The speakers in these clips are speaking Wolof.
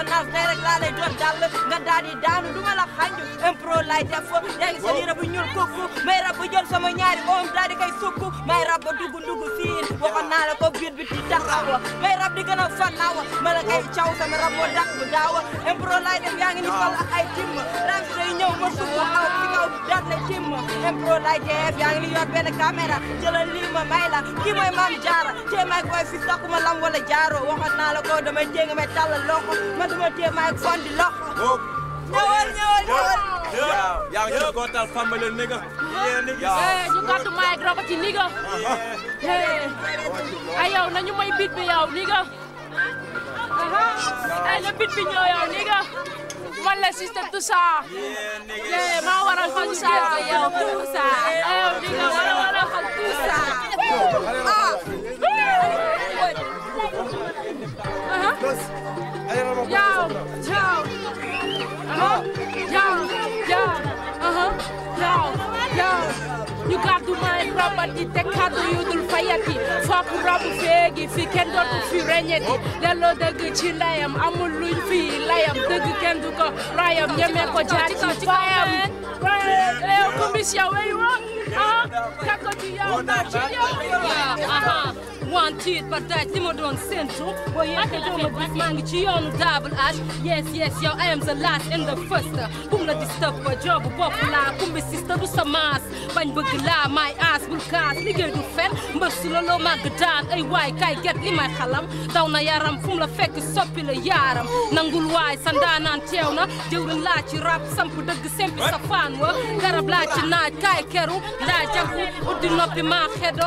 ordonnance tey rek laa lay jot dàll nga daal daanu du la xànju impro lay def yaa ngi seen bu ñuul kukku may rab bu jël sama ñaari oom daal di koy sukk may rab ba dugg dugg siin waxoon naa la ko biti taxawa ngay rab di gën a fannawa mala kay caw sama rab moo dak bu daawa impro lay def ni fal ak ay tim ram day ma suba aw ci kaw daat na tim impro lay def ni yor benn caméra jëlal lii ma may mooy maam jaara tee may koy fi takkuma lam wala jaaro waxoon naa la ko damay téye nga may tàllal loxo man may fondi loxo yo gotal fambalel nigga yeah nigga eh you got the mic drop ci nigga eh ay yow nañu may beat bi yow nigga ay uh-huh. la beat bi ñëw yow nigga wala system tout ça yeah maa waral xol tout ça yow tout ça ay yow nigga wala wala xol tout ça may robati te kaddu yu dul fayati foog rob feegi fi kenn dootu fi reñeti delloo dëgg ci ndayam amul luñ fi layam dëgg kenn rayam ñeme ko jaar ci fayam eh, commission wey wo ah kako ci yow na ci yow share it partage li ma doon séntu boo yéexee doo ma maa ngi ci yoonu double H yes yes yow I am the last a the first la disturb ba joobu bopp laa kumbi sista du sa maas bañ bëgg laa may aas bul kaas liggéey du fen mbër su la loo màgg daan ay waay kay get li may xalam daw na yaram fu la fekk soppi la yaaram nangul waay sa ndaanaan teew na jëwriñ laa ci rap samp dëgg sempi sa faan wa garab laa ci naaj kaay keru laa jagu uddi noppi maa xedo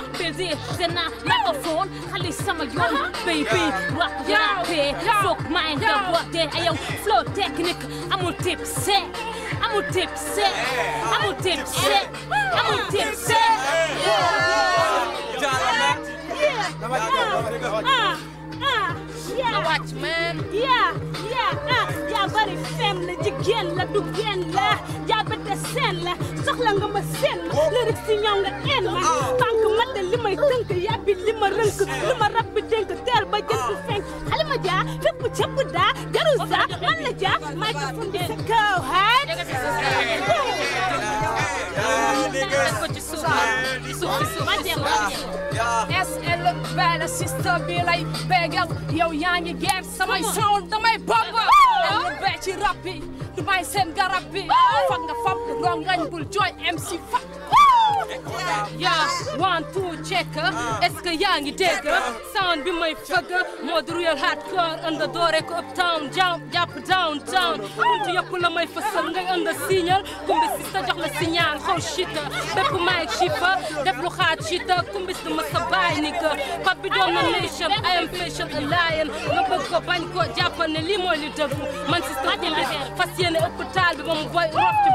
will there. Then I microphone, I leave some of your baby. Rock your pay, fuck mine, the work there. I am flow technique, I'm a tip set. I'm a tip set. I'm a tip set. I'm a tip set. Yeah. Yeah. Ah, ah, yeah. Uh, uh, watch, man. Yeah. bari fen la jigéen la du geen la jaabate seen la soxla nga ma seen ma lirik si ñaw nga een ma tànk matte tënk yàbbi li rënk li ma rab teel ba jël bi fenk jaa fépp cëpp daa jaru saa man jaa maa ngi kaw haaj ci nag bella sister bi lay bégal yow yaa ngi geer samay son damay bomba am bee ci rap bi du may seen garab bi fag nga fam rongañ bul jooy MC fat yaa one two check ah. est yaa ngi dégg ah. sound bi may fëgg moo di real hardcore ënd doore uptown jàpp downtown buntu yëpp la may fësal ngay ënd signal kumbi si sa jox la signal xaw shit bépp maay shifa def lu xaat shit kumbi si ma sa baay ni que pap bi doon na nation I am patient a lion nga bëgg ko bañ ko jàppal ne lii mooy li dëgg man si sa kumbi fas yéene ëpp taal bi ba mu boy ropp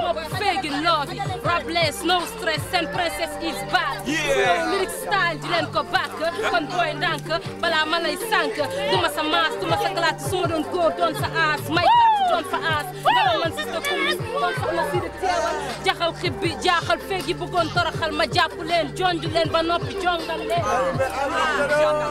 bi Rabless no stress seen princess is back lyric style di leen ko bàkk kon booy ndànk balaa ma lay sànk du maas du ma sa galaat doon góor doon sa aas may doon fa aas dara man si sa doon soxna si teewal jaxal xib bi jaaxal feegi bëggoon toroxal ma jàpp leen jonju leen ba noppi jongal leen